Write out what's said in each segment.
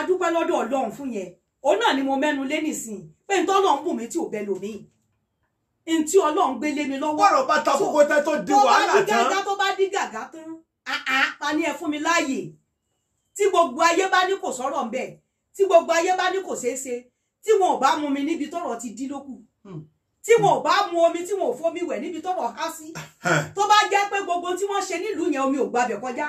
a dúpẹ́ lọ́dọ̀ ọlọ́run fún yẹn òun náà ni mo mẹ́nu lé nísìnyí pé n tọ́lọ́run bùn mí tí ò bẹ lòmí n tí ọlọ́run gbé lé mi lọ́wọ́. bọ́rọ̀ bá ta kókó tẹ́ tó di wàhálà tán tó bá di gàgá tán ta ni ẹ fún mi láàyè tí gbogbo ayé bá ní kò sọ̀rọ̀ ń bẹ̀ tí gbogbo ayé bá ní kò ṣeé ṣe tí wọn ò bá mú mi níbi tọ́rọ̀ ti dí lókù hmm. tí wọn ò bá mu omi tí wọn ò fomi wẹ̀ níbi tọ́rọ̀ há sí tó bá jẹ́ pé gbogbo tí wọ́n ṣe nílùú yẹn omi ò gbabẹ̀ kọjá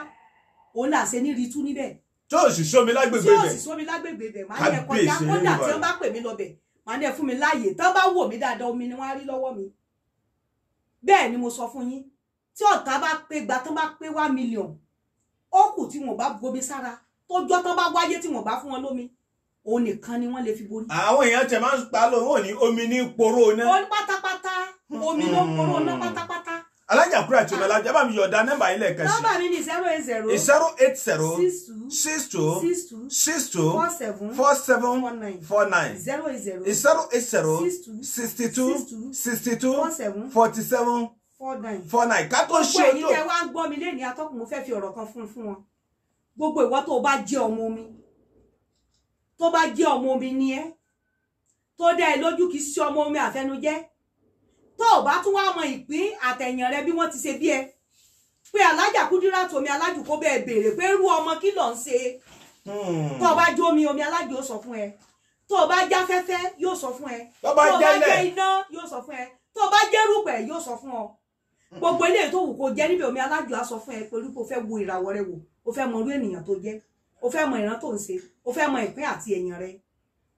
òun là ṣe ní ritú níbẹ̀ tí ò sì sómi lágbègbè bẹ̀. tí sì sómi lágbègbè bẹ̀ máa ní ẹ̀kọ́ ya kódà tí wọ́n bá pè mí lọ bẹ̀ máa ní ẹ̀ mi láàyè tán bá wò mí dáadáa omi ni wọ́n á rí lọ́wọ́ mi. bẹ́ẹ̀ ni mo sọ fún yín tí ọ̀tá bá pé gba tán bá pé wá mílíọ̀n ó kù tí wọ́n bá gbomi sára tójọ́ tán bá wáyé tí wọ́n bá fún wọn lómi òun nìkan ni wọ́n lè fi borí. àwọn èèyàn tẹ máa ń pa lóhùn ní omi ní poró náà. ó ní pátápátá omi ló poró náà pátápátá alájà kúrò àti ọmọlájà ẹ bá mi yọ̀ọ̀da nọ́mbà yín lẹ́ẹ̀kan sí. nọ́mbà mi ni zero eight zero. zero zero. six two. six two. six two. six two. four seven. four seven. four nine. zero eight zero. zero zero. six two. sixty two. six two. sixty two. four seven. forty seven. four nine. four nine. ká ṣe ojú. gbogbo ẹ̀yin tẹ́ wá ń gbọ́ mi lẹ́ni atọ́kùn mo fẹ́ fi ọ̀rọ̀ kan fún fún wọn. gbogbo ìwọ tó bá jẹ́ ọmọ mi tó bá jẹ́ ọmọ mi ni ẹ́ tó dá ẹ lójú kì í ṣe ọmọ mi àfẹnujẹ́ tó o bá tún wá mọ ìpín àtẹ̀yìn rẹ bí wọ́n ti ṣe bí ẹ pé alájà kúdírà tòmí alájù kó bẹ́ẹ̀ béèrè pé irú ọmọ kí ló ń ṣe hmm. tó o bá jó omi omi alájù yóò sọ fún ẹ tó o bá já fẹ́fẹ́ yóò sọ fún ẹ tó o bá jẹ́ iná yóò sọ fún ẹ tó o bá jẹ́ rúpẹ̀ yóò sọ fún ọ gbogbo eléyìí tó wù kó jẹ́ níbi omi alájù á sọ fún ẹ pẹ̀lú pé o fẹ́ wo ìràwọ̀ rẹ wò o fẹ́ mọ irú ènìyàn tó jẹ́ o fẹ́ mọ ìran tó ń ṣe o fẹ́ mọ ìpín àti ẹ̀yìn rẹ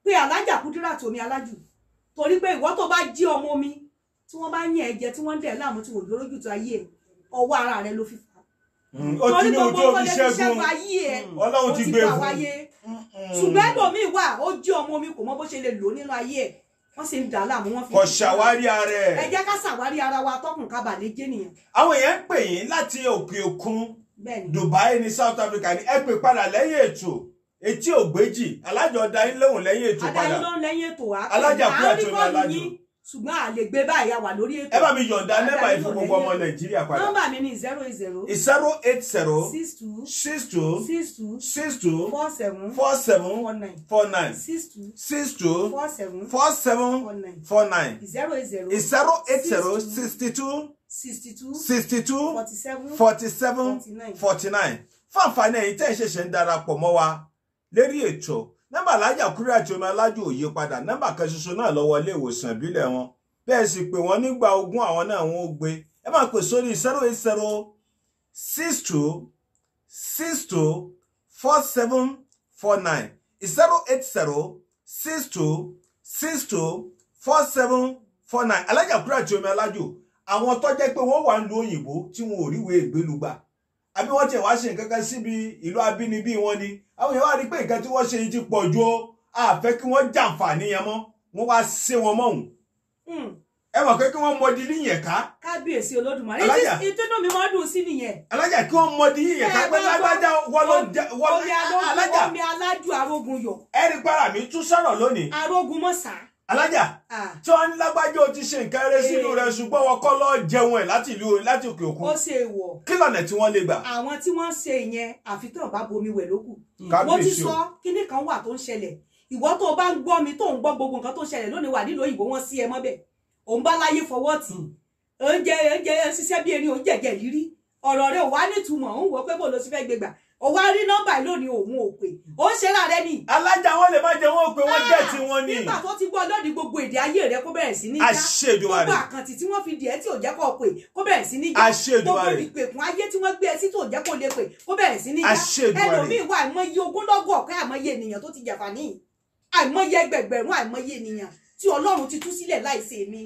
pé alájà kúdírà tòmí alájù torí pé ìwọ tó bá jí ọmọ mi tí wọ́n bá yàn ẹ́ jẹ tí wọ́n ń dẹ̀ láàmú tí wọ́n lórí ojútùú ayé ọwọ́ ara rẹ ló fi fà á. ó mm, ti ní ojú òbí ṣẹ́gun mm, ọlọ́run ti gbé fún un. ṣùgbọ́n ẹlòmíì wà ó jẹ́ ọmọ omi kò mọ bó ṣe lè lò nínú ayé ẹ̀ wọ́n ṣe ń dà láàmú wọ́n fi. kò ṣàwárí ara ẹ̀. ẹ jẹ́ ká ṣàwárí ara wa tọkùn kábà lè jẹ́ nìyẹn. àwọn èèyàn ń pè yín láti òkè òkun Dubai ni South Africa ní ẹ pè padà lẹ́yìn ètò etí ògbéjì alájọ dayin lóhùn lẹ́yìn ètò padà alájà kúrò àti oní ṣùgbọ́n a lè gbé báyìí a wà lórí ètò. ẹ bá mi yọ̀ǹda nẹ́bà ìfún ọmọ nàìjíríà padà. nọ́mbà mi ni zero eight zero. zero eight zero. six two. six two. six two. six two. four seven. four seven. four nine. four nine. six two. six two. four seven. four seven. four nine. four nine. zero eight zero. zero eight zero. sixty two. sixty two. sixty two. forty seven. forty seven. forty nine. fáǹfààní ẹ̀yin tẹ́ ẹ̀ ṣẹ̀ṣẹ̀ ń darapọ̀ mọ́ wa lérí ètò nọ́mbà alájà kúrẹ́ àti omi alájò òye padà nọ́mbà kan ṣoṣo náà lọ́wọ́ ilé ìwòsàn ìbílẹ̀ wọn bẹ́ẹ̀ sì pé wọ́n nígbà ogún àwọn náà wọ́n ó gbé ẹ máa pè sórí zero eight zero six two six two four seven four nine zero eight zero six two six two four seven four nine alájà kúrẹ́ àti omi alájò àwọn tó jẹ́ pé wọ́n wà ń lu òyìnbó tí wọn ò ríwèé ìgbélúgba àbí wọ́n tiẹ̀ wá ṣe nǹkan kan síbi ìlú abínibí wọn ni àwọn èèyàn wá rí pé nǹkan tí wọ́n ṣe yìí ti pọ̀ ju o àfẹ́ kí wọ́n jàǹfààní yẹn mọ́ wọ́n wá sé wọn mọ́ òun. Hmm. ẹ mọ̀ pé kí wọ́n mọdi ní yẹn ká. kábíyèsí olódùmarè ìtúnú mi máa dùn sí nìyẹn. alájà kí wọ́n mọdi yín yẹn ká pé lágbájá wọlé alájà. omi alájú arógun yọ. ẹ rí para mi tún sọ̀rọ̀ lónìí. arógun mọ̀sán alájà tí wọn lágbájá o ti ṣe nǹkan eré sínú rẹ ṣùgbọ́n wọn kọ́ lọ́ọ́ jẹun ẹ̀ láti ìlú láti òkè òkun. ó ṣe wọ. kí lọ́nà tí wọ́n lè gbà. àwọn tí wọ́n ṣe yẹn àfitàn bá bomi wẹ̀ lókù. Hmm. mo ti sọ kíní kan wà tó ń ṣẹlẹ̀ ìwọ tó o bá ń gbọ́ mi tó ń gbọ́ gbogbo nǹkan tó ń ṣẹlẹ̀ lónìí wà nílò òyìnbó wọn sí ẹ mọ́bẹ̀ òun bá láyé fọwọ́ tì hmm. oúnjẹ oúnjẹ ó wá rí nọ́mbà yìí lónìí òun ò pè ó ń ṣera rẹ ni. alájà wọn lè má jẹ wọn ò pè wọn jẹ tí wọn ni. nígbà tó ti gbọ́ lónìí gbogbo èdè ayé rẹ kó bẹ̀rẹ̀ sí ní já gbogbo àkàntì tí wọ́n fi dì ẹ́ tí ò jẹ́ kó pè kó bẹ̀rẹ̀ sí ní já gbogbo ìpèkùn ayé tí wọ́n gbé ẹ sí tó jẹ́ kó lè pè kó bẹ̀rẹ̀ sí ní já ẹlòmíín wà àìmọye ogúnlọ́gọ̀ ọ̀kẹ́ àìmọye ènìyàn tó ti jàfàní àìmọye ẹgbẹ̀gbẹ̀rún àìmọye ènìyàn tí ọlọ́run ti tú sílẹ̀ láìsí èmi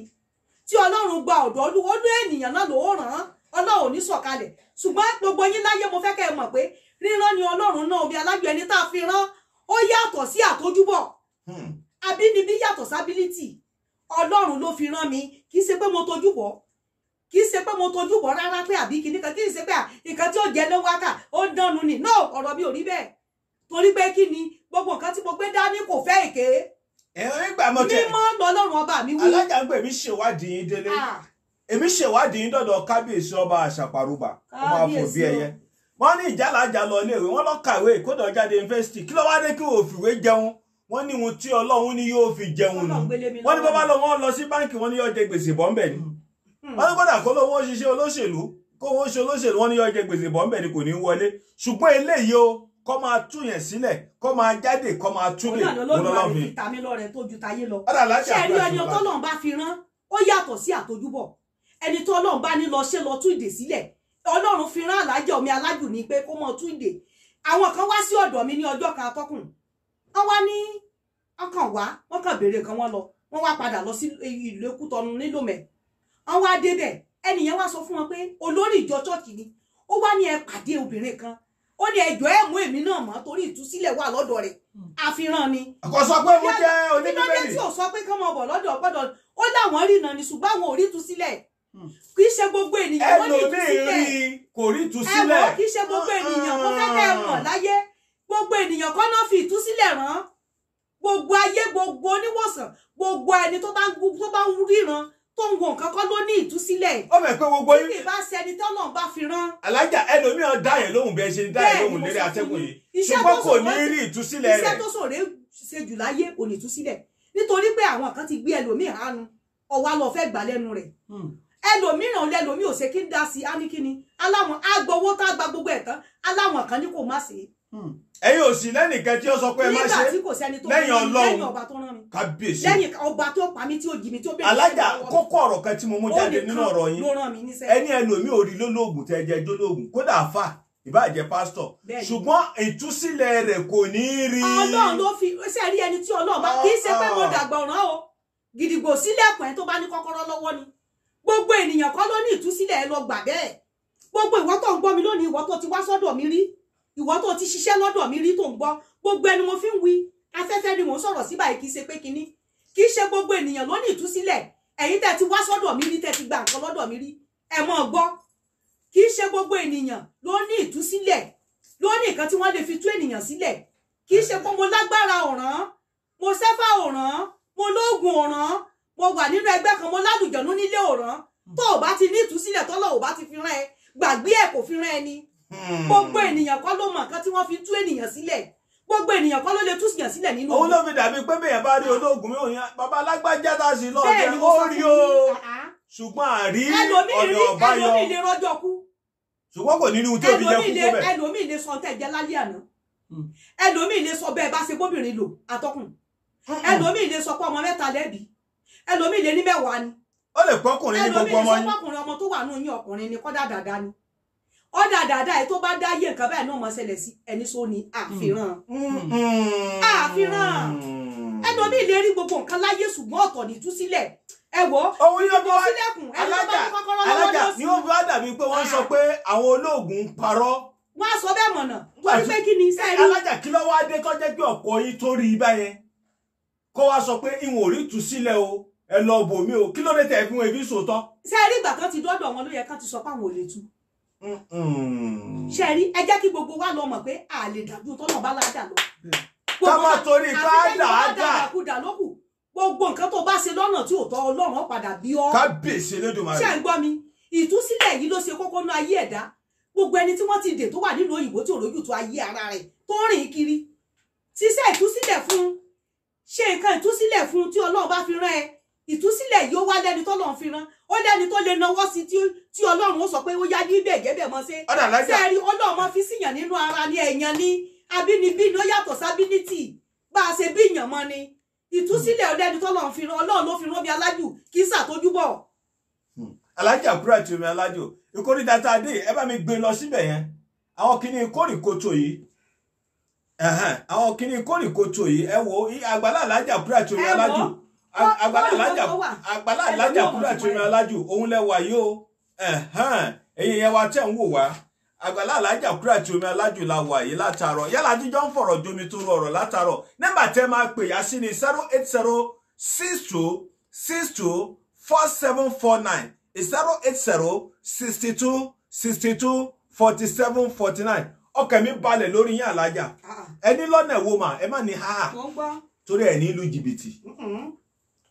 tí ọlọ́run gba ọ̀dọ́ olú ènìyàn náà ló ràn án ọlọ́run ò ní sọ̀kalẹ̀ ṣùgbọ́n gbogbo yín láyé mo fẹ́ kẹ́ ẹ mọ̀ pé rírán ni ọlọ́run náà omi alájọ ẹni tá a fi rán ó yàtọ̀ sí àtójúbọ̀ hmm. abínibí yàtọ̀ sábílítì ọlọ́run ló fi rán mi kì í ṣe pé mo tojú bọ̀ kì í ṣe pé mo tojú bọ̀ rárá pé àbí kìíní kan kì í ṣe pé nǹkan tí ó jẹ ló wákà ó dánu ni no ọ̀rọ̀ mi ò rí bẹ́ẹ̀ torí pé kí ni gbogbo nǹkan tí mo gbé dání kò fẹ́ èké mímọ́ lọ́lọ́run ọba mi wí. alájà ń pè mí ṣèwádìí yín délé ah. èmi ṣèwádìí yín dọ̀dọ̀ kábíyèsí ọba àṣàparùbà ọba àfòbí ẹyẹ wọ́n ní ìjàlájà lọ iléèwé wọ́n lọ kàwé kódà jáde yunifásitì kí ló wá dé kí wò fìwé jẹun wọ́n ní ohun tí ọlọ́run ni yóò fi jẹun nù wọ́n ní bọ́bá lọ wọ́n lọ sí báǹkì wọ́n ní yóò jẹ gbèsè bọ́ńbẹ̀ ni hmm. wọ́n ní gbọ́dà kó lówó ṣiṣẹ́ olóṣèlú kó owó ṣe olóṣèlú wọ́n ní yóò jẹ gbèsè bọ́ńbẹ̀ ni kò ní wọlé ṣùgbọ́n eléyìí o kọ́ máa tú yẹn sílẹ̀ kọ́ máa jáde kọ́ máa túbẹ̀ olólọ́fin. ọ̀dà lájà àgbà ọlọ́run fi rán alájà omi alájù ní pé kó mọ túnde àwọn kan wá sí ọ̀dọ̀ mi ní ọjọ́ kan atọ́kùn wọ́n wá ní wọ́n kàn wá wọ́n kàn béèrè kan wọ́n lọ wọ́n wá padà lọ sí ìlú Èkútọ́nu nílòmẹ̀ wọ́n wá débẹ̀ ẹnìyẹn wá sọ fún wọn pé olórí ìjọ chọ́ọ̀kì ni ó wá ní ẹ pàdé obìnrin kan ó ní ẹjọ́ ẹ̀ mú èmi náà mọ́ torí ìtúsílẹ̀ wà lọ́dọ̀ rẹ̀ hmm. àfihàn ni. kò sọ pé mo jẹ́ oníbíbélì. kí ló dé tí ò sọ pé kọ́mọ bọ̀ lọ́dọ̀ gbọ́dọ̀ ó láwọn rí ní ṣùgbọ́n àwọn ò rí ìtúsílẹ̀ kì í ṣe gbogbo ènìyàn wọ́n ní ìtúsílẹ̀ kò rí ìtúsílẹ̀ ẹ̀wọ̀n kì í ṣe gbogbo ènìyàn kó fẹ́ kẹ́ ẹ mọ̀ láyé gbogbo ènìyàn kọ́ náà fi ìtúsílẹ̀ rán gbogbo ayé gbogbo oníwòsàn gbogbo ẹni tó bá ń tó bá ń ríran tó ń wo nǹkan kọ́ ló ní ìtúsílẹ̀ ó mẹ̀ pé gbogbo yín kí bá ṣe ẹni tọ́nà bá fi rán. alájà ẹlòmíràn dá yẹn lóhùn bí ẹ ṣe dá yẹn lóhùn lérí atẹ́gùn yìí ṣùgbọ́n kò ní rí ìtúsílẹ̀ rẹ̀. iṣẹ́ tó sòrè ṣe jù láyé ò ní ìtúsílẹ̀ nítorí pé àwọn kan ti gbé ẹlòmíràn hánu ọ̀wá lọ fẹ́ gbà lẹ́nu rẹ̀ hmm ẹlòmíràn lẹlòmíì ò ṣe kí ń dá sí áníkíni aláwọn agbowó tá a gba gbogbo ẹ̀ tán aláwọn kan ní kò má ṣe. Hmm. ẹ̀yin ò sí lẹ́nìkan tí ó sọ pé ẹ má ṣe lẹ́yìn ọlọ́run mi kábíyèsí lẹ́yìn ọba tó pa mí tí ó jì mí tí ó bẹ̀rẹ̀ alájà kókó ọ̀rọ̀ kan tí mo mú jáde nínú ọ̀rọ̀ yín ẹni ẹlòmíì ò rí lólóògùn tẹ́ jẹ́ jólóògùn kódà àfà ìbáàjẹ́ pásítọ̀ ṣùgbọ́n ìtúsílẹ̀ rẹ̀ kò ní rí. ọlọ́run ló fi ṣe rí ẹni tí ọlọ́run bá kì í ṣe pé mo ah, ah. dàgbà ọ̀ràn o gidigbo sílẹ̀kùn ẹ̀ tó bá ní kọ́kọ́rọ́ lọ́wọ́ ni gbogbo ènìyàn kọ́ ló ní ìtúsílẹ̀ ẹ lọ gbà bẹ́ẹ̀ gbogbo ìwọ tó ń gbọ́ mi lónìí ìwọ tó ti wá sọ́dọ̀ mi rí ìwọ tó ti ṣiṣẹ́ lọ́dọ̀ mi rí tó ń gbọ́ gbogbo ẹni mo fi ń wí afẹ́fẹ́ ni mò ń sọ̀rọ̀ sí báyìí kì í ṣe pé kinní kì í ṣe gbogbo ènìyàn ló ní ìtúsílẹ̀ ẹ̀yin tẹ́ ti wá sọ́dọ̀ mi rí tẹ́ ti gba nǹkan lọ́dọ̀ mi rí ẹ mọ̀ gbọ́ kì í ṣe gbogbo ènìyàn ló ní ìtúsílẹ̀ ló ní nǹkan tí wọ́n lè fi tú ènìyàn sílẹ̀ kì í ṣe pé mo lágbára ọ̀ràn mo sẹ́fà ọ̀ràn mo lóògùn ọ̀ràn mo wà nínú ẹgbẹ́ kan mo lálùjọ̀nú nílé òràn tó o bá ti ní ìtúsílẹ̀ tọ́lọ̀ o bá ti fi rán ẹ gbàgbé ẹ̀ kò fi rán ẹni hmm. gbogbo ènìyàn kọ́ ló mọ̀ nǹkan tí wọ́n fi tú ènìyàn sílẹ̀ gbogbo ènìyàn kọ́ ló lè tú ènìyàn sílẹ̀ nínú. òun ló fi dàbí pé bèèyàn bá rí olóògùn mi òun bàbá alágbájá tá a sì lọ jẹ ó rí o ṣùgbọ́n àrí ọ̀nà ọ̀báyọ ṣùgbọ́n kò nínú kú kó bẹ̀. ẹlòmíì lè sọ tẹ̀ jẹ́ bẹ́ẹ̀ ẹlòmíì lè sọ hmm. hmm. pé ẹlòmíì lè ní mẹ́wàá ni ó lè pọ́kùnrin ní gbogbo ọmọ yín ọmọ tó wà nù yín ọkùnrin ni kọ́dà dàda ni ọ̀dà dàda ẹ̀ tó bá dáyé nǹkan báyìí náà mọ̀ ṣẹlẹ̀ sí ẹni sọ ni àfihàn àfihàn mm, mm, mm. ẹlòmíì lè rí gbogbo nǹkan láyé ṣùgbọ́n ọ̀tọ̀ nítúsílẹ̀ ẹ wọ sílẹ̀kùn ni ni alájà kí pé sọ pé ìwọ̀n ò ẹ lọ bò mí o kí ló dé tẹ̀ fún ebi sòótọ́. ṣé ẹ rí ìgbà kan ti dọ́dọ̀ wọn ló yẹ ká ti sọ pé àwọn ò lè tú. ṣé ẹ rí ẹ jẹ́ kí gbogbo wa lọ mọ̀ pé a lè dàbí tọ́nà bá ládà lọ. kábà torí ká dàáda gbogbo nǹkan tó bá ṣe lọ́nà tí ò tọ́ ọlọ́run padà bí ọ́. kábíyèsí Elédùmarè. ṣé ẹ ń gbọ́ mi ìtúsílẹ̀ yìí ló ṣe kókó ná ayé ẹ̀dá gbogbo ẹni tí wọ́n ti dè tó wà nílùú òyìnbó tí òrójú tó ayé ara rẹ̀ tó rìn kiri ṣiṣẹ́ ìtúsílẹ̀ fún ṣe nǹkan ìtúsílẹ̀ fún tí ọlọ́run bá fi rán ẹ ìtúsílẹ̀ yìí ó wá lẹ́ni tó lọ́n fi rán ó lẹ́ni tó lè nawọ́ sí tí ọlọ́run ó sọ pé ó yá ní ibẹ̀ gẹ́bẹ̀ mọ́ sí. ọ̀dà lájà sẹ́ẹ̀rí ọlọ́run mọ́ fi síyàn nínú ara ní ẹ̀yàn ní abínibí ló yàtọ̀ sábínítì bá a ṣe bíyàn mọ́ ni ìtúsílẹ̀ ó lẹ́ni tó lọ́n fi rán ọlọ́run ló fi rán bí alájù kì í ṣàtójúbọ̀. Hmm. alájà àbúrò àti omi alájò ìkórè data dé ẹ bá mi gbé lọ síbẹ̀ yẹn àwọn kìnnì ìkórè kòtò yìí àwọn kìnnì ìkórè kòtò yìí ẹ wo àgbàlá alájà àbúrò àti omi alájò àgbàlá alájà kura alájà kúrò àti orin alájù òun lẹ́wà yìí yẹn wa tẹ̀ ń wò wá àgbàlá alájà kúrò àti orin alájù la wà yìí látàárọ̀ yálà jíjọ́ ń fọ̀rọ̀ jomi tó rọ ọ̀rọ̀ látàárọ̀ nọ́mbà tẹ́ máa pè yá sí ni zero eight zero six two six two four seven four nine zero eight zero sixty two sixty two forty seven forty nine ọkàn mi balẹ̀ lórí yín alájà ah, ah. ẹni lọ́nà ìwò mà ẹ má ní ha torí ẹ̀ ní ìlú jìbìtì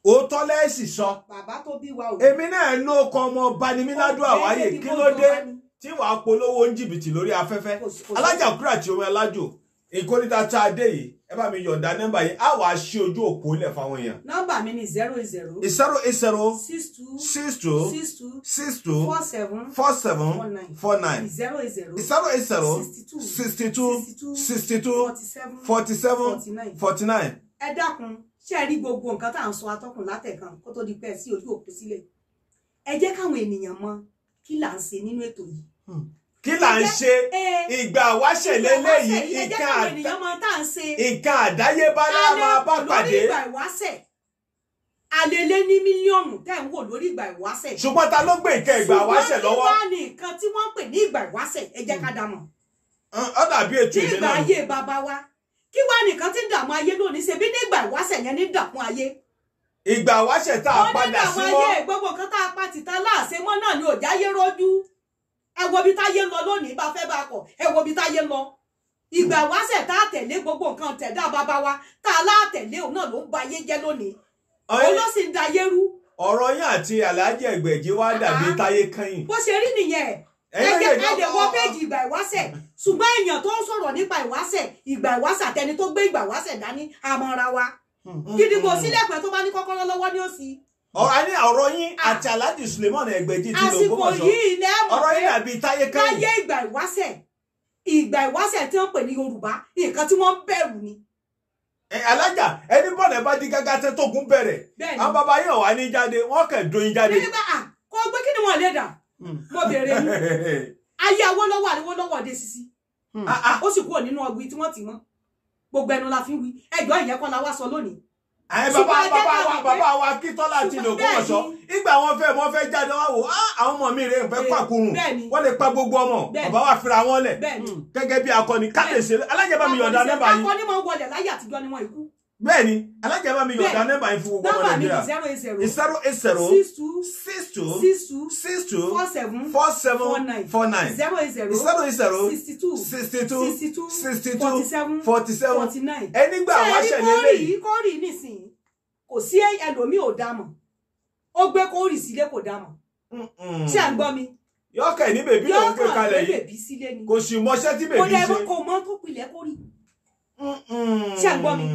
òótọ́ lẹ́sì sọ èmi náà ló kọ ọmọ ọba ni mí ládùn àwáyé kí ló dé tí wàá polówó ń jìbìtì lórí afẹ́fẹ́ alájàkúrò àti omi alájò ìkórìtà tá a dé yìí ẹ bá mi yọ̀ǹda nọ́mbà yìí á wàá ṣí ojú òpó ilẹ̀ fáwọn èèyàn. nọ́mbà mi ni zero zero. zero eight zero. six two. six two. six two. four seven. four seven. four nine. zero zero. zero eight zero. sixty two. sixty two. sixty two. forty seven. forty nine. forty nine. ẹ dákun ṣe rí gbogbo nǹkan tá à ń sọ atọ́kùn látẹ̀kan kó tó di pẹ́ sí ojú òpó sílẹ̀ ẹ jẹ́ káwọn ènìyàn mọ kí là ń ṣe nínú ètò yìí. Hmm. kí là ń ṣe ìgbà wáṣẹ̀ lélẹ́yìí nǹkan àdáyébá la máa bá pàdé. lórí ìgbà ìwáṣẹ̀ alele ní mílíọ̀nù tẹ́ ń wò lórí ìgbà ìwáṣẹ̀. ṣùgbọ́n ta ló gbé ìkẹ́ ìgbà ìwáṣẹ̀ lọ́wọ́. ṣùgbọ́n kí wọ́n ní nǹkan tí wọ́n pè ní ìgbà ìwáṣẹ̀ ẹ kí wá nìkan tí ń dààmú ayé lónìí ṣe bí nígbà ìwáṣẹ̀ yẹn ní dààmú ayé. ìgbà ìwáṣẹ̀ tá a padà sí mọ́. ó ní dààmú ayé gbogbo nǹkan tá a pa tìta láàṣẹ mọ́ náà ni òjá yé rọ́jú ẹ wo bí táyé ń lọ lónìí bá fẹ́ bá kọ̀ ẹ wo bí táyé ń lọ. ìgbà ìwáṣẹ̀ tá a tẹ̀lé gbogbo nǹkan tẹ̀dá bàbá wa tá a láàtẹ̀lé òun náà ló ń ba ayé jẹ́ lónìí. òun ló sì ń da ayé rú. ọ̀rọ̀ yín àti aláàjì ẹ̀jẹ̀ wọ péjì ìgbà ìwáṣẹ̀ ṣùgbọ́n èèyàn tó ń sọ̀rọ̀ nípa ìwáṣẹ̀ ìgbà ìwáṣẹ̀ àtẹni tó gbé ìgbà ìwáṣẹ̀ dání àmọ́ra wa hmm. gidi kò sílẹ̀pẹ̀ tó bá ní kọ́kọ́rọ́ lọ́wọ́ ní òsì. ọ̀rọ̀ ní ọ̀rọ̀ yín ah. àti alhaji suleiman ẹgbẹ̀jì ti lò kó mọ̀ṣọ́ ọ̀rọ̀ yín àbí táyé alájà ẹni bọ̀dẹ̀ bá di gágá tẹ́ tógun bẹ̀rẹ̀ àwọn baba yẹn wà ní jáde wọ́n kẹ̀ doyin jáde. kò gbé kí ni wọ́n lè dà Hmm. mo bèrè yín ayé Awólọ́wọ̀ Awólọ́wọ̀ dé sisi hmm. ah, ah. ó sì kúrò si. ọgbìn tí wọ́n ti mọ́ gbogbo ẹnu la fi ń wí ẹjọ́ ìyẹn kọ́ la wá sọ lónìí. àyè bàbá bàbá wa bàbá wa kí tọ́lá ti lò kó ọ̀ṣọ́ ìgbà wọn fẹ́ wọn fẹ́ jáde wá wò á ah, àwọn ọmọ mi rè ń fẹ́ pàkúrùn wọ́n lè pa gbogbo ọmọ bàbá wa fira wọn lẹ̀ hmm. gẹ́gẹ́ bí akọni kábíyèsí alájẹbàmíyọ̀dá lẹ́bàá yìí. akọni máa ń wọlé láyé àtijọ́ ni wọ́n iku bẹ́ẹ̀ni alájà bá mi yọ̀ọ̀dá nẹ́bà yẹn fún gbogbo ọmọ nàìjíríà nọ́mbà zero eight zero six two six two four seven four nine zero eight zero sixty two sixty two sixty two forty seven forty nine ẹni wá ṣẹlẹ̀ lẹ́yìn. ṣe ẹni kórì nísìnyí kò sí ẹlòmíì ò dá mọ̀ ó gbé kórì sílé kò dá mọ̀ ṣé à ń gbọ́ mi. yọkàn ní bèbí ló gbé kalẹ̀ yìí kò sì mọṣẹ́ tí bèbí ṣe. kò dẹ́ kò mọ́ tó pilẹ̀ kórì ṣé à ń gbọ́ mi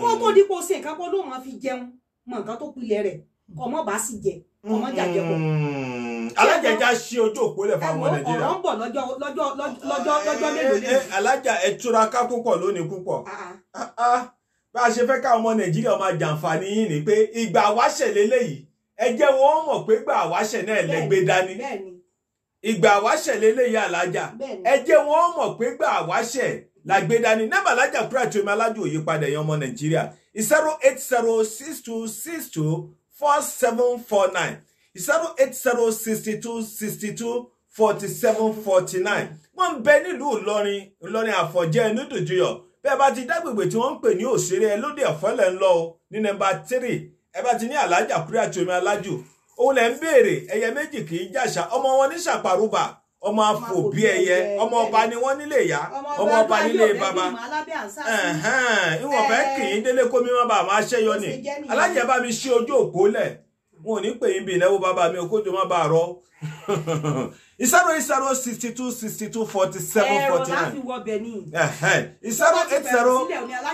kó tó dípò ṣe nǹkan kó ló máa fi jẹun mọ nǹkan tó pilẹ̀ rẹ̀ kọ́ mọ́ bá sì jẹ kọ́ mọ́ jàjẹ́ pọ̀. alájàjá ṣe ojú òpó lẹ̀ fún ọmọ nàìjíríà. ọ̀rọ̀ ń bọ̀ lọ́jọ́ lọ́jọ́ lọ́jọ́ lọ́jọ́ mélòó lè. Eh, eh, eh, alájà ẹ túraká púpọ̀ lónìí púpọ̀ ah, ah. Ah, bá a ṣe fẹ́ ká ọmọ nàìjíríà máa jàǹfààní yín ni pé ìgbà àwáṣẹ̀ lélẹ́yìí ẹ jẹ́ wọ́n mọ̀ pé ìgbà àwáṣẹ̀ náà lẹ́gbẹ́ dání ìgbà àwáṣẹ̀ lélẹ́yìí alájà ẹ jẹ́ wọ́n mọ̀ pé ìgbà àwáṣẹ̀ làgbédani nẹ́bà lájàkúrò àti omi alájò òye padà ẹ̀yàn ọmọ nàìjíríà zero eight zero six two six two four seven four nine zero eight zero sixty two sixty two forty seven forty nine wọ́n ń bẹ nílùú ìlọrin ìlọrin àfọ̀jẹ́ nídòjúyọ̀ bẹ́ẹ̀ bá ti dágbègbè tí wọ́n ń pè ní òṣèré ẹlódì ẹ̀fọ́lẹ̀ ńlọ o ní nọ́mbà tírì ẹ bá ti ní alájàkúrò àti omi alájò òun lẹ́ ń béèrè ẹ̀yẹ méjì kì í jàṣà ọmọ wọn ní ṣàpàrùbà ọmọ afòbí ẹyẹ ọmọ ọba ni wọ́n nílé ìyá ọmọ ọba nílé bàbá ìwọ̀n fẹ́ kì í délé kó mi má bàa máa ṣẹ́yọ ni alájẹ bá mi ṣí ojú òpó lẹ̀ wọn ò ní pè yín bí ìnáwó bàbá mi òkójọ má bàa rọ ìsáró ìsáró sixty two sixty two forty seven forty nine ìsáró eight zero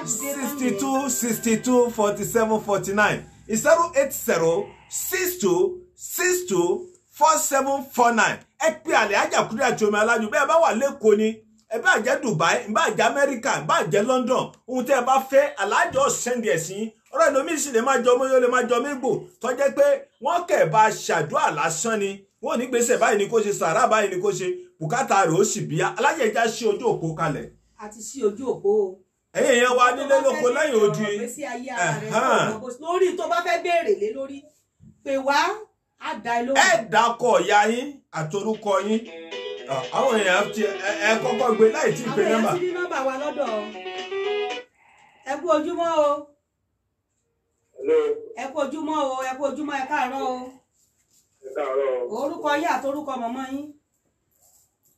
sixty two sixty two forty seven forty nine ìsáró eight zero six two six two four seven four nine ẹ pé àlẹ́ àjàkúrẹ́ àti omi alájú bẹ́ẹ̀ bá wà lẹ́kọ̀ọ́ ni ẹ bá jẹ́ Dubai ẹ bá jẹ́ Amẹ́ríkà ẹ bá jẹ́ London ohun tẹ́ ẹ bá fẹ́ alájọ sẹ́ndì ẹ̀sìn ọ̀rọ̀ ìlómi sì lè má jọ ọmọ yóò lè má jọ ọmọ ìgbò tó jẹ́ pé wọ́n kẹ̀ bá ṣàdúrà lásán ni wọ́n ní gbèsè báyìí ni kò ṣe sàrà báyìí ni kò ṣe bùkátà rẹ̀ ó sì bíyá alájẹjá sí ojú òpó kalẹ̀. àti sí ojú òpó o ẹ̀yin èèyàn wa nílé lóko lẹ́yìn odi lórí tó bá fẹ́ béèrè lé lórí pè wá ẹ dákọ ọ̀yá yín àtorúkọ yín àwọn èèyàn ẹ kọ́kọ́ gbé láì tí ì pé nọ́mbà. àwọn èèyàn ti ní nọ́mbà wa lọ́dọ̀ ẹ kú ojúmọ́ o ẹ kú ojúmọ́ o ẹ kú ojúmọ́ ẹ káàárọ̀ o orúkọ yín àtorúkọ mọ̀mọ́ yín.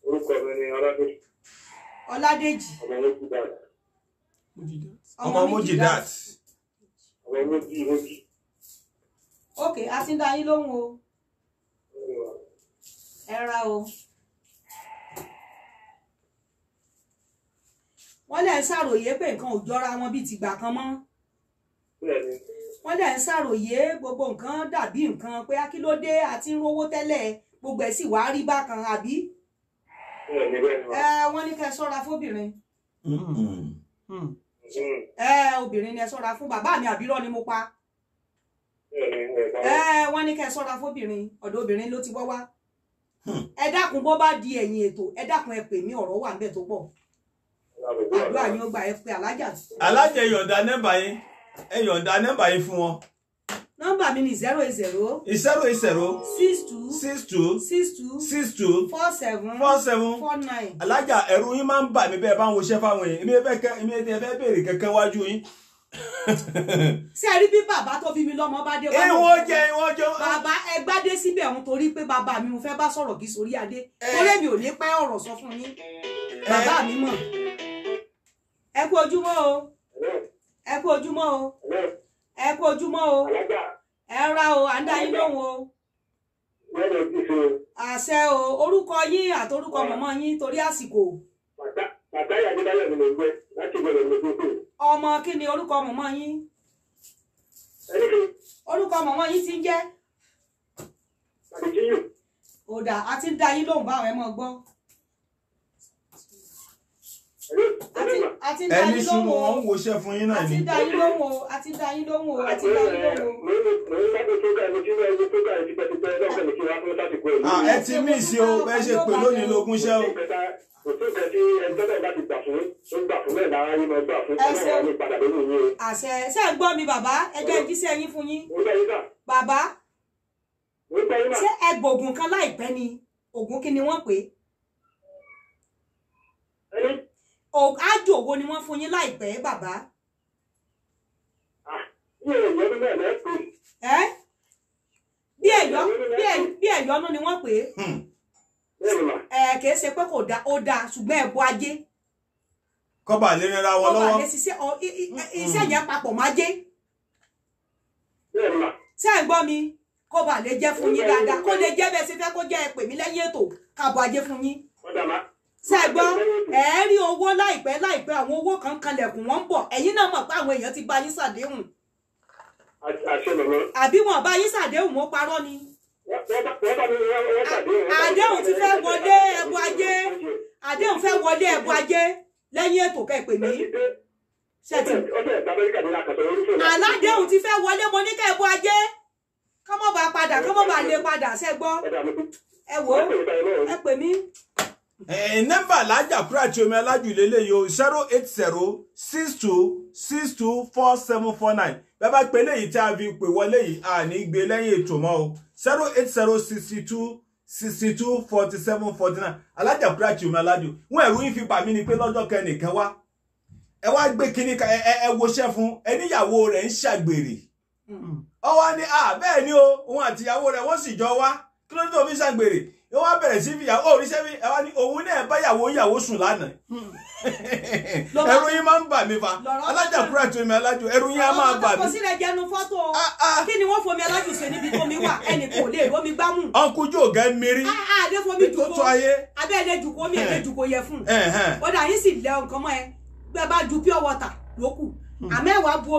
orúkọ mi ni ọládèjì. ọládèjì. ọmọ méjì dat. ọmọ méjì dat. ọmọ méjì ok asínda yín lóhùn o ẹ ra o wọ́n lẹ̀ ń ṣàròyé pé nǹkan ò jọra wọn bíi tìgbà kan mọ́ wọ́n lẹ̀ ń ṣàròyé gbogbo nǹkan dàbí nǹkan pé kí ló dé àti ń rówó tẹ́lẹ̀ gbogbo ẹ̀ sì wàá rí bákan àbí. ẹ wọ́n ní kẹ́ ẹ ṣọ́ra fóbìnrin. Mm-hmm. Mm-hmm. ẹ obìnrin ni ẹ ṣọ́ra fún bàbá mi àbírọ́ ni mo pa ẹ wọn ní kẹ́ ṣọ́ra fóbìnrin ọ̀dọ̀ obìnrin ló ti wá wá hmm. ẹ dákun bó bá di ẹ̀yìn ètò ẹ dákun ẹ pè mí ọ̀rọ̀ wà níbẹ̀ tó pọ̀ àdúrà yín ó gbà ẹ pé alájà. alájà ẹ yọ̀ǹda nẹ́mbà yín ẹ yọ̀ǹda nẹ́mbà yín fún wọn. nọ́mbà mi ni zero eight zero. zero eight zero. six two. six two. six two. six two. four seven. four seven. four nine. alájà ẹ̀rù yín máa ń bà mí bẹ́ẹ̀ bá ń woṣẹ́ fáwọn yẹn èmi ẹ fẹ́ bèèrè kankan wájú yín ṣé ẹ rí bí bàbá tó fi mi lọ́mọ bá dé wá ìwọ jẹ ìwọ jọ. bàbá ẹ gbádé síbẹ̀ òun torí pé bàbá mi mo fẹ́ bá sọ̀rọ̀ kí sórí adé torí mi ò ní pẹ́ ọ̀rọ̀ sọ fún yín bàbá mi mọ̀ ẹ kú ojúmọ́ o ẹ kú ojúmọ́ o ẹ kú ojúmọ́ o ẹ ra o à ń dá yín lóhùn o àṣẹ o orúkọ yín àtorúkọ mọ̀mọ́ yín torí àsìkò. bàtà bàtà yàgbé dálẹ̀ mi ló ń láti gbọ́dọ̀ lọ́gbọ́dọ̀ ọmọ kí ni orúkọ mọ̀mọ́ yín orúkọ mọ̀mọ́ yín ti ń jẹ́ òdà a ń dá yín lóhùn báwọn ẹ mọ gbọ́ ẹni sùn wọn ń woṣẹ́ fún yín náà ni a ń dá yín lóhùn o a ń dá yín lóhùn o a ń dá yín lóhùn o. ẹ ti mí sí o ẹ ṣe pè lónìí lógúnṣẹ́ o kò sí nǹkan tí ẹni tọ́tọ̀ bá ti gbà fún ó gbà fún náà lára yín máa gbà fún náà wà ní padà lórí yín o. àṣẹ ṣe ń gbọ́ mi bàbá ẹ jẹ́ jíṣẹ́ yín fún yín. bàbá ṣé ẹ gbòògùn kan láìpẹ́ ni ògùn kí ni wọ́n pè é. ájò wo ni wọ́n fún yín láìpẹ́ bàbá. yíyẹ ìyẹn mi náà lẹ́ẹ̀kọ́. bí ẹ̀yọ́ bí ẹ̀yọ́ nú ni pè kìí ṣe pé kò dáa ó dáa ṣùgbọ́n ẹ̀bọ ajé. kọ́ba lè rẹra wọn lọ́wọ́ kọ́ba lè ṣiṣẹ́ iṣẹ́ yẹn papọ̀ má jẹ́. ṣé ẹ̀ ń gbọ́ mi kọ́ba lè jẹ́ fún yín dáadáa kó lè jẹ́ bẹ́ẹ̀ ṣe fẹ́ kó jẹ́ ẹ pè mí lẹ́yìn ètò káàbọ̀ ajé fún yín. ṣé ẹ gbọ́ ẹ rí owó láìpẹ́ láìpẹ́ àwọn owó kan kanlẹ̀kùn wọ́n ń bọ̀ ẹ̀yin náà mọ̀ pé àwọn èèyàn ti bá yín ṣàdéhùn. àbí wọn bá yín ṣàdéhùn ó parọ́ ni àdéhùn ti fẹ́ wọlé ẹbu ajé àdéhùn fẹ́ wọlé ẹbu ajé lẹ́yìn ètò kẹ́pẹ́ mi ṣẹ́tì aládéhùn ti fẹ́ wọlé mo ní ká ẹbu ajé kọ́mọ́ba padà kọ́mọ́ba lè padà ṣẹ́gbọ́ ẹ wò ó ẹ pè mí nọ́mbà alájàkúrò àti omi alájù lélẹ́yìí yo, zero eight zero six two six two four seven four nine bẹ́ẹ̀ bá pé léyìí tí a fi pè wọlé yìí a ní gbé e lẹ́yìn ètò mọ́ o zero eight zero six two six two forty seven forty nine alájàkúrò àti omi alájù wọn ẹ̀rú yìí fi bà mí ni pé lọ́jọ́ kẹ́nìkan wá ẹ wá gbé kínní ẹ ẹ woṣẹ́ fún ẹníyàwó rẹ̀ ń ṣàgbèrè ọwọ́ ni a bẹ́ẹ̀ ni o òun àtìyàwó rẹ̀ wọ́n sì jọ wá kí ló dé tó fi ṣàgbèrè ló wá bẹ̀rẹ̀ sí fi yàwó orí sẹ́mi ẹ wá ní òun náà bá yàwó yàwó sùn lánàá hmm. ẹrù yín máa ń bà mí fa alájàkúrà tó mi alájò ẹrù yín á máa bà mí. ọmọ tó kọ sílẹ̀ fọ́tò ah, ah. kí ni wọ́n fomi alájò ṣe níbi tó mi wà ẹnì kò lè rómi gbámù. ọkùnjú ògá ń mérí. àdé ah, fomi jùkọ abẹ́ ẹ̀dẹ́ jùkọ mi ẹ̀dẹ́ jùkọ yẹ fún un ọ̀dà yín sì lẹ nǹkan mọ́ ẹ gbẹ bá ju pure water lókù hmm. àmẹ́wàá bu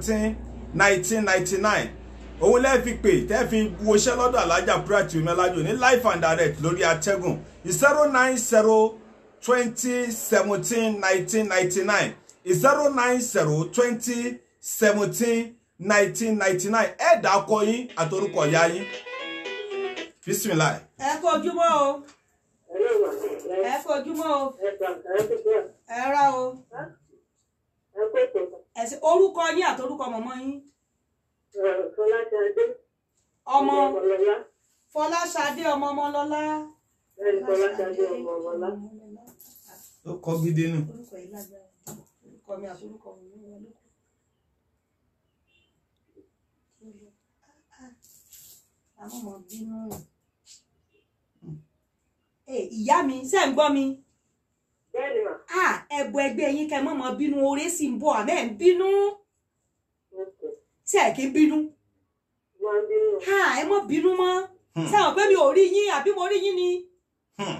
wá 1999 òun lẹ́ẹ̀fi pè tẹ́ fi wọṣẹ́ lọ́dọ̀ alájà Brat Yomi Ọlájọ ní life and direct lórí atẹ́gùn 090 2017 1999 090 2017 1999 ẹ̀ẹ́dà akọ yín àtorúkọ ìyá yín bisimilayi. ẹ kú ojúmọ́ o ẹ kú ojúmọ́ o ẹ ra o ẹ̀sìn orúkọ yín àtọrúkọ mọ̀mọ́ yín. Fọláṣadé. ọmọ Fọláṣadé ọmọ Ọmọlọ́lá. Fọláṣadé ọmọ Ọmọlọ́lá. ó kọ gidi nù. orúkọ yìí lágbára orúkọ mi àtọrúkọ mi ló wọlé. àwọn ọmọ bínú. ìyá mi ṣé ń gbọ́ mi. Ah, ẹ̀bùn ẹgbẹ́ yín kẹ́ mọ́ mọ́ bínú oore sì ń bọ̀ àmẹ́ ń bínú tí ẹ̀ kí ń bínú ah, ẹ mọ́ bínú mọ́ tí hmm. àwọn pé mi ò rí yín àbí mo rí yín ni hmm.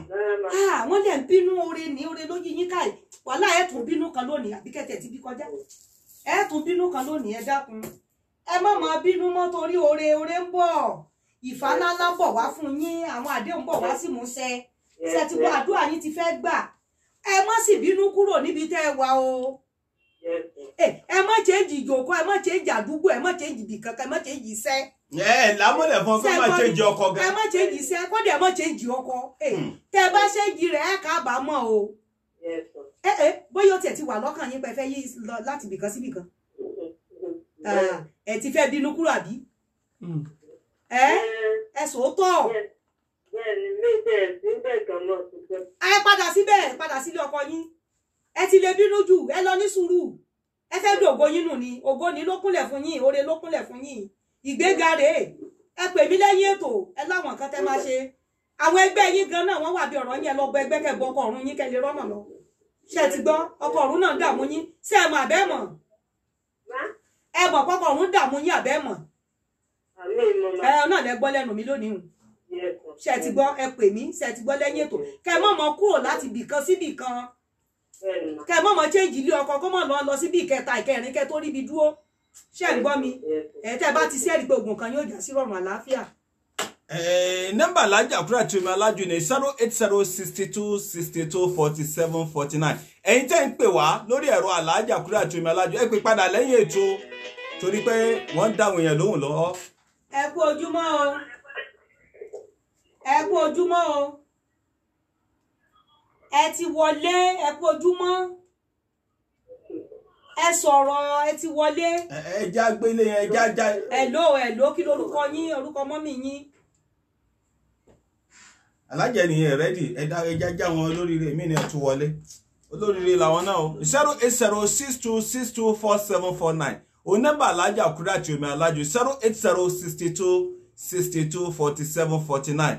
ah, wọ́n lẹ̀ ń bínú oore ní oore lójú yín káì wàhálà ẹ̀ tún bínú kan lónìí àbí kẹ̀tẹ̀ ti bí kọjá ẹ̀ tún bínú kan lónìí ẹ dákun ẹ má mọ́ bínú mọ́ torí oore oore ń bọ̀ ìfàlálá bọ̀ wá fún yín àwọn àdéhùn bọ̀ wá sí mú ṣẹ ṣe ti bọ́ àdúrà yín ti fẹ́ gbà ẹ má sì bínú kúrò níbi tẹ́ ẹ o ẹ má ṣe jì ìjòkó ẹ má ṣe jì àdúgbò ẹ má ṣe jì ibì kankan ẹ má ṣe jì iṣẹ́. ẹ lámọ̀lẹ̀ fún ọkọ má ṣe jì ọkọ gan. ẹ má ṣe jì iṣẹ́ kọ́dẹ̀ ẹ má ṣe jì ọkọ tẹ bá ṣe jì ẹ o ẹ ẹ bóyá ó tiẹ̀ ti wà lọ́kàn yín pé fẹ́ yí lọ láti ibìkan sí ibìkan hmm. ah, ẹ ti fẹ́ bínú kúrò àbí hmm. ẹ ẹ sòótọ́. bẹ́ẹ̀ni méjì ẹ sí bẹ́ẹ̀ kan náà ti pẹ́. ẹ padà síbẹ̀ ẹ padà sílé ọkọ yín ẹ ti lè bínú jù ẹ lọ ní sùúrù ẹ fẹ́ dùn ògo yín nù ni ògo ni ló kúnlẹ̀ fún yín oore ló kúnlẹ̀ fún yín ìgbéga rèé ẹ pè mí lẹ́yìn ètò ẹ láwọn nǹkan tẹ́ máa ṣe àwọn ẹgbẹ́ yín gan náà wọ́n wà bí ọ̀rọ̀ yín lọ gbọ́ ẹgbẹ́ kẹ́bọ ọkọ ọ̀run yín kẹ́lẹ́ rọ́nà lọ ṣe ti gbọ́ ọkọ ọ̀run náà dààmú yín ṣé ẹ mọ̀ àbẹ́ mọ̀ ẹ mọ̀ pọ́kọ ọ̀run dààmú yín àbẹ́ mọ̀ ẹ náà lẹ gbọ́ lẹ́nu mi lónìí ṣe ti gbọ́ ẹ pè mí ṣe ti gbọ́ lẹ́yìn ètò kẹ mọ̀ mọ̀ kúrò láti bìkan síbì kan kẹ mọ̀ mọ̀ change ilé ọkọ kó mọ̀ lọ lọ síbì kẹta ìkẹrin kẹ tó ríbi dúró ṣe ń gbọ́ mi ẹ tẹ́ bá ti sẹ́ẹ̀rí pé oògùn kan yóò já sí rọrùn àlàáfíà. nọ́mbà alájà àbúrò àti omi alájò ní zero eight zero sixty two sixty two forty seven forty nine ẹ̀yin tẹ́ ń pè wá lórí ẹ̀rọ alájà àbúrò àti omi alájò ẹ pè padà lẹ́yìn ètò torí pé wọ́n ń dáhùn èèyàn lóhùn lọ́wọ́. ẹ kú ojúmọ́ o ẹ kú ojúmọ́ o ẹ ti wọlé ẹ kú ojúmọ́ ẹ sọ̀rọ̀ ẹ ti wọlé. ẹ já gbélé ẹ já já. hello hello kí lorúkọ yín orúkọ mọ́mì yín. alájẹ nìyẹn rẹ́dì ẹ dá ẹ já já wọn olóríire mí ni ẹ tún wọlé olóríire làwọn náà o zero eight zero six two six two four seven four nine onẹ́bà alájà Akurati Omi Alájù zero eight zero sixty two sixty two forty seven forty nine.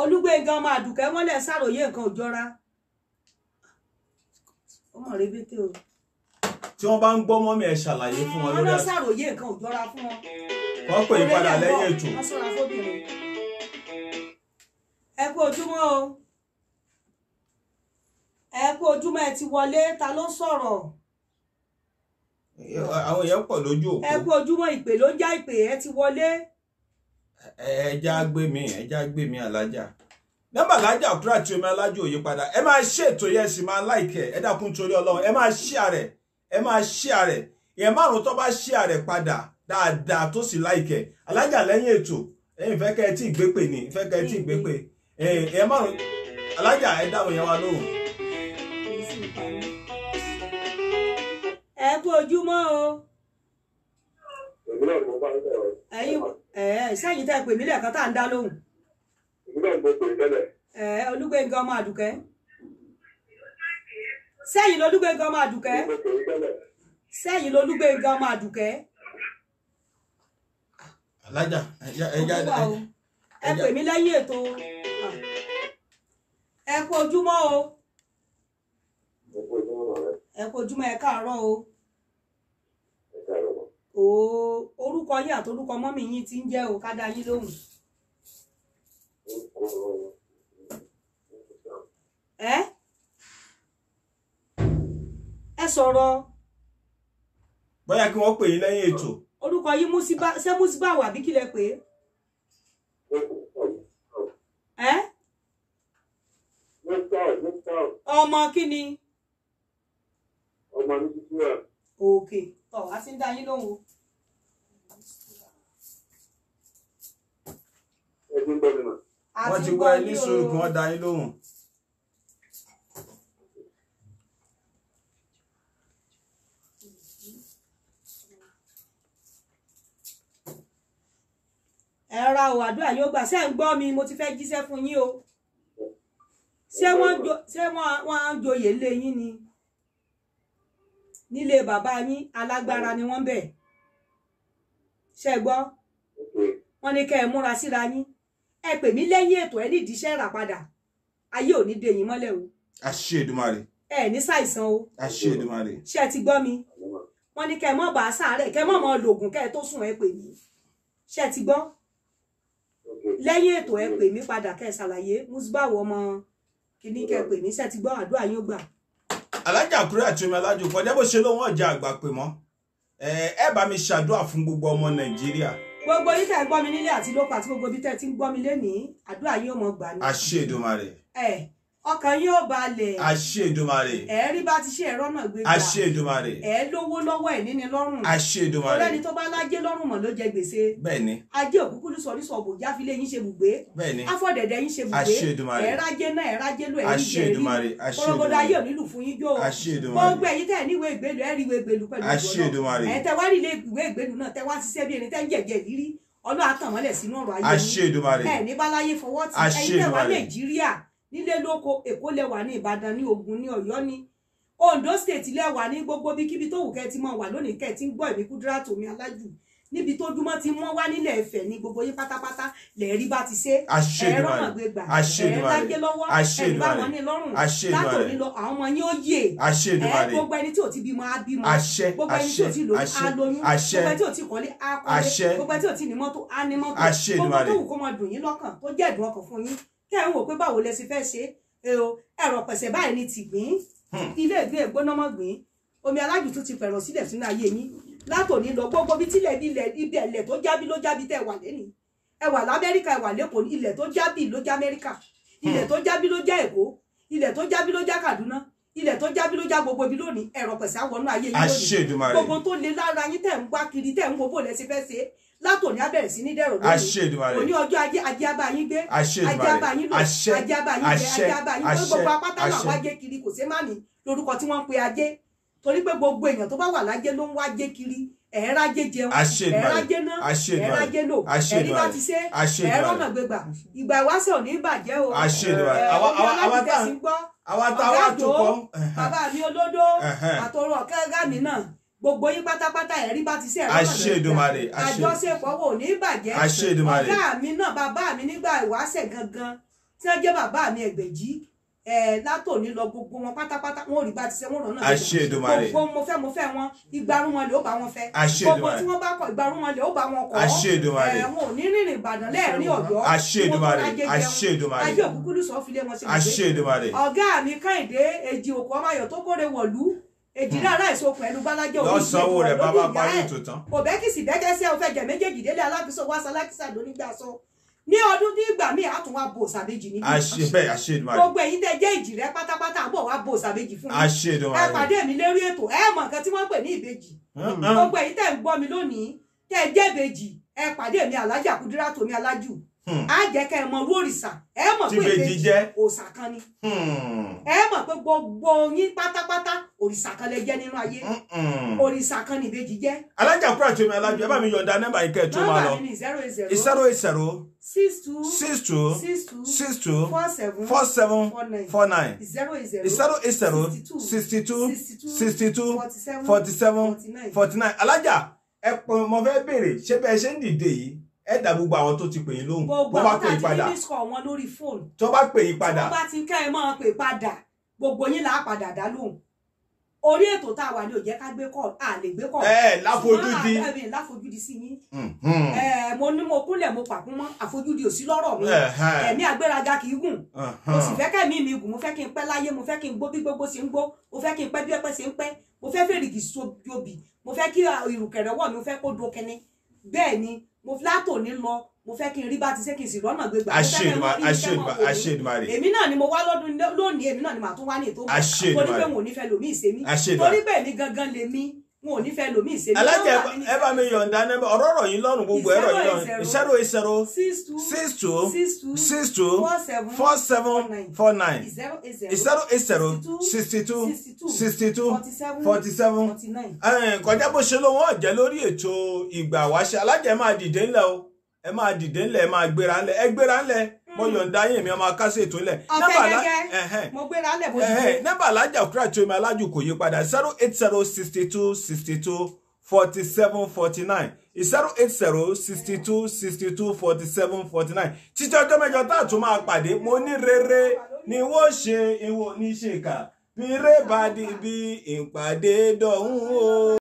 Olúgbénga ọmọ àdùkẹ́ mọ́lẹ̀ ṣàròyé nǹkan òjọra ọmọ rẹbẹtẹ o. tí wọ́n bá ń gbọ́ mọ́mí ẹ̀ ṣàlàyé fún wọn lórí àti. wọ́n ṣàròyé nǹkan òjọra fún wọn. wọ́n pè é padà lẹ́yìn ètò. wọ́n ṣọ́ra fóbìnrin. ẹ kú ojúmọ́ o ẹ kú ojúmọ́ ẹ ti wọlé ta ló sọ̀rọ̀. àwọn èèyàn pọ̀ lójú òkú. ẹ kú ojúmọ́ ìpè ló ń já ìpè ẹ ti wọlé. ẹja gbé mi ẹja gbé mi alájà nọ́mbà alájà òkúra tí omi alájà òye padà ẹ máa ṣe ètò yẹn sì máa láìkẹ ẹ dákun torí Ọlọ́run ẹ máa ṣí àrẹ ẹ máa ṣí àrẹ ìyẹn márùn tó bá ṣí àrẹ padà dáadáa tó sì láìkẹ alájà lẹ́yìn ètò ẹ tí o. Eh, sẹ́yìn tẹ́ pè mí lẹ́ẹ̀kan tá à ń dá lóhùn. nígbà mo pè é tẹ́lẹ̀. Eh, olúgbẹ̀ngàn ọmọ àdùkẹ́. sẹ́yìn lolúgbẹ̀ngàn ọmọ àdùkẹ́. sẹ́yìn lolúgbẹ̀ngàn ọmọ àdùkẹ́. alájà ẹja ẹja ẹ pè mí lẹ́yìn ètò ẹ kú ojúmọ́ o ẹ kú ojúmọ́ ẹ káàárọ̀ o ooo orúkọ yìí àti orúkọ mọ́mì yín ti ń jẹ́ o ká dá yín lóhùn. ẹ ẹ sọ̀rọ̀. bóyá kí wọ́n pè yín lẹ́yìn ètò. orúkọ yín músíbà ṣé músíbà wà bí kílẹ̀ é ẹ. ọmọ kí ni. ọmọ mi ti tú ẹ. òkè. Okay tọ̀ á ti dá yín lóhùn o. wọ́n ti gbọ́ ẹ ní sùúrù kí wọ́n dá yín lóhùn. ẹ o àdúrà yóò gbà ṣé ń gbọ́ mi mo ti fẹ́ jíṣẹ́ fún yín o ṣé wọ́n joyè lé yín ni nílé bàbá yín alágbára ni wọ́n bẹ̀ ṣe gbọ́ wọ́n ní kẹ́ ẹ múra síra yín ẹ pè mí lẹ́yìn ètò ẹ nídìí iṣẹ́ rà padà ayé ò ní dèyìn mọ́lẹ̀ o. àṣẹ Èdùmàrè. ẹ ní ṣàìsàn o. àṣẹ Èdùmàrè. ṣé ẹ ti gbọ́ mi wọ́n ní kẹ́ ẹ mọ́ bàá sàárẹ̀ kẹ́ ẹ mọ́ mọ́ lògùn kẹ́ ẹ tó sùn ẹ pè mí ṣé ẹ ti gbọ́ lẹ́yìn ètò ẹ pè mí padà kẹ́ ẹ ṣàlàyé Musbau ọmọ kìíní kẹ́ ẹ pè mí ṣé ẹ ti gbọ́ àdúrà yín ó gbà alájà àkúrẹ́ àti omi alájò fọdẹ bó ṣe lóun ọjà àgbà pè mọ́ ẹ bá mi ṣàdúrà fún gbogbo ọmọ nàìjíríà. gbogbo yìí tẹ́ gbọ́ mi nílé àti lóko àti gbogbo bí tẹ́ ti ń gbọ́ mi lénìí àdúrà yìí ó mọ gbà ní. àṣẹ Èdùmàrè. ẹ ọkàn yóò balẹ̀. àṣẹ Èdùmàrè. ẹ rí bá ti ṣe ẹ̀rọ náà gbégbá. àṣẹ Èdùmàrè. ẹ lówó lọ́wọ́ ẹ̀ níní lọ́rùn. àṣẹ Èdùmàrè. ọlọ́ni tó bá lájẹ́ lọ́rùn mọ̀ ló jẹ gbèsè. bẹ́ẹ̀ni. ajé òkúkúrú sọ ní sọ̀bù jáfilé yín ṣe bùgbé. bẹ́ẹ̀ni. afọ̀dẹ̀dẹ̀ yín ṣe bùgbé. àṣẹ Èdùmàrè. ẹ rájẹ́ náà ẹ rájẹ́ ló ẹ̀yìn jẹ̀rí. àṣẹ Èdùmàrè. kọ́lọ́gọ́dá yóò nílù fún yín jó. àṣẹ Èdùmàrè. gbogbo ẹ̀yin tẹ̀ níwèé ìgbèlú ẹ̀ rí ìwé ìgbèlú pẹ̀lú ìgbòho. àṣẹ Èdùmàrè. ẹ̀ tẹ wá nílé ìwé ìgbèlú náà tẹ wá ṣiṣẹ́ bí ẹni tẹ́ ń jẹ̀jẹ̀ lírí ọlọ́ àtàmọ́lẹ̀ sínú ọ̀rọ̀ ayé yìí ẹ̀ ní báláyé fọwọ́ ti ẹ̀yin tẹ̀wá Nàìjíríà nílé lóko èkó lẹwà ní ìbàdàn ní ògùn ní ọ̀yọ́ ní ondo state lẹwà ní gbogbo bí kíbi tó wù kẹ́ ti mọ wà lónìí kẹ́ ti ń gbọ́ èmi Kudirat mi alájù níbi tó dúmọ́ ti mọ́ wá nílẹ̀ ẹ̀fẹ̀ ní gbogbo yín pátápátá lẹ́ẹ̀rí bá ti ṣe ẹ̀rọ náà gbé gbà ẹ̀rọ lágé lọ́wọ́ ẹ̀rọ bá wọn ní lọ́rùn látò ní lọ àwọn ọmọ yín ó yè ẹ̀ gbogbo ẹni tí ò ti bímọ á bímọ gbogbo ẹni tí ò ti lóyún á lóyún gbogbo ẹni tí ò ti kọ́lé á kọ́lé gbogbo ẹni tí ò ti ní mọ́tò á ní mọ́tò gbogbo tó wù kó mọ dùn yín lọ́kàn tó jẹ́ ìdùn ọkàn fún tẹ́ ẹ wò pé báwo lẹ sì fẹ́ ṣe ẹ̀rọ pẹ̀sẹ̀ báyìí ni tìgbín hmm. ilé ìgbín ègbóná mọ́ gbìn omi alájù tún ti fẹ̀rọ̀ sílẹ̀ sínú ayé yín látòní lọ gbogbo bí tílẹ̀ bí ilẹ̀ ilẹ̀ tó jábí ló jábí tẹ́ wà lẹ́nìí ẹ wà lamẹ́ríkà ẹ wà lẹ́kọ̀ọ́ ilẹ̀ tó jábí ló já amẹ́ríkà ilẹ̀ hmm. tó jábí ló já èkó ilẹ̀ tó jábí ló já kaduna ilẹ̀ tó jábí ló já gbogbo ibi lónìí ẹ̀rọ pẹ̀sẹ̀ àwọn ayé yín lónìí gbogbo tó le lára yín tẹ̀ ń gbá kiri tẹ̀ ń gbogbo lẹ́sìn fẹ́ ṣe látòní abẹ́rẹ́ sí ní dẹ̀rọ̀ lónìí òní ọjọ́ ajé ajé abá yín gbé ajé abá yín lò ajé abá yín gbé ajé abá yín gbé gbogbo apáta náà wájé kiri kò sé má ní lórúkọ tí wọ́n pe ajé torí pé gbogbo èèyàn tó bá wà lájé ló ń wájé kiri ẹ̀ẹ́rájé jẹun ẹ̀ẹ́rájé ná ẹ̀ẹ́rájé lò ẹ̀rí bá ti ṣe ẹ̀ẹ́rọ́nà gbégbà ìgbà ìwáṣẹ̀ ò ní bàjẹ́ o ọ̀gá àjò bàbá mi olódó àtọrọ ọ̀kẹ́gá mi náà gbogbo yín pátápátá ẹ̀rí bá ti sí ẹ̀rọ náà lọ́dọ̀ àjọṣepọ̀ wò ní bàjẹ́ ọ̀gá mi náà bàbá mi nígbà ìwáṣẹ̀ gangan tí wọ́n jẹ́ bàbá mi ẹgbẹ̀jì ẹ látòní lọ gbogbo wọn pátápátá wọn ò rí bá ti ṣe wọn náà lẹkọọ gbogbo mo fẹ́ mo fẹ́ wọn ìgbárùn wọn lè ó bá wọn fẹ́ gbogbo tí wọn bá kọ ìgbárùn wọn lè ó bá wọn kọ ẹ wọn ò ní rìnrìn Ìbàdàn lẹẹrin Ọ̀yọ́ wọn kọ ajẹjẹ wọn ajé òkúkúlù sọ èjìrá aláìsàn okùn ẹnu bálájẹ òbí ìgbẹ́ sanwó rẹ̀ bá bá parí ìtòtán. òbẹ́kìsì méjèèjì délé alábìsọ wá sálákìsà lónígbà sọ ní ọdún ní ìgbà míì á tún wá bo òsàbèjì níbi àṣebẹ́ẹ̀ àṣedùmarè gbogbo ẹ̀yin tẹ́ jẹ́ ìjìrẹ́ pátápátá àbọ̀ wá bo òsàbèjì fún mi àṣedùmarè ẹ pàdé mi lérí ètò ẹ mọ̀ nǹkan tí wọ́n pè ní ìbejì gbogbo ẹ̀yin tẹ́ ń gbọ́ mi lónìí tẹ́ jẹ́ ìbejì ẹ mi alájà kúdírà tòmí alájù Hmm. a jẹ́ kẹ́ ẹ mọ rórìṣà ẹ mọ̀ pé ìbejì jẹ́ òòṣà kan ni hmm. ẹ mọ̀ pé gbogbo yín pátápátá òrìṣà kan lè jẹ́ nínú ayé hmm. òrìṣà kan ni ìbejì jẹ́. alájà kúrò àti omi alájọ ẹ bá mi yọ̀ǹda nẹ́ẹ̀bà yìí kẹ́ máa lọ zero eight zero six two six two six two four seven four seven four nine zero eight zero sixty two sixty two forty seven forty nine alájà ẹ pọ̀ mọ́ fẹ́ béèrè ṣé bẹ́ẹ̀ ṣe ń dìde yìí ẹ dá gbogbo àwọn tó ti pè yín lóhùn bó bá pè yín padà tó bá pè yín padà tó bá ti kẹ́ ẹ máa pè padà gbogbo yín là á padà dá lóhùn orí ètò tá a wà ní ó ká gbé kọ́ à lè gbé kọ́ ẹ láfojúdi ṣùgbọ́n láfojúdi sí yín mm-hmm. mo ní mo kúnlẹ̀ mo pàkún mọ́ àfojúdi ò sí lọ́rọ̀ mi ẹ̀mí agbéraga kì í gùn mo sì fẹ́ kẹ́mi mi gùn mo fẹ́ kí n pẹ́ láyé mo fẹ́ kí n gbó bí gbogbo ṣe ń gbó mo fẹ́ kí n pẹ́ bí ẹpẹ́ ṣe ń pẹ́ mo fẹ́ fèrègì sobi mo fẹ́ kí uh, ìrùkẹ̀rẹ̀ mi fẹ́ kó do kẹ́ni bẹ́ẹ̀ ni mo fúlátò ní lọ mo fẹ́ kí n rí bá ti ṣe kí n sì rọ́nà gbégbà mo fẹ́ kí n rí iṣẹ́ mọ̀ wò mí èmi náà ni mo wá lọ́dún lónìí èmi náà ni màá tún wá ní ètò mọ̀ torí pé wọn ò ní fẹ́ lòmí ìsẹ́mi torí pé èmi gangan lèmi wọn ò ní fẹ́ lomi ìṣèlú. alájẹ ẹ bá mi yọ̀ǹda nẹ́bẹ̀ ọ̀rọ̀ ọ̀rọ̀ yín lọ́rùn gbogbo ẹ̀rọ yín lọ́rùn zero eight zero six two six two four seven four nine zero eight zero sixty two sixty two forty seven Forty nine. kọjá bó ṣe ló wọ́n jẹ́ lórí ètò ìgbà wáṣẹ alájẹ máa dìde ńlẹ̀ o ẹ máa dìde ńlẹ̀ ẹ máa gbéra ńlẹ̀ ẹ gbéra ńlẹ̀ mo yọ̀ǹda yín mi ọmọ akásẹ̀ ètò ilẹ̀. ọ̀fẹ́ gẹ́gẹ́ mo gbéra lẹ̀ bó ti dé. nọ́mbà alájà òkúra tí omi alájù kò yí padà zero eight zero sixty two sixty two forty seven forty nine zero eight zero sixty two sixty two forty seven forty nine títí ọjọ́ mẹ́jọ tá a tún máa pàdé mo ní rere ni wọ́n ṣe ìwọ ní ṣèkà bí rébàdí bí ìpàdé dọ̀hún o.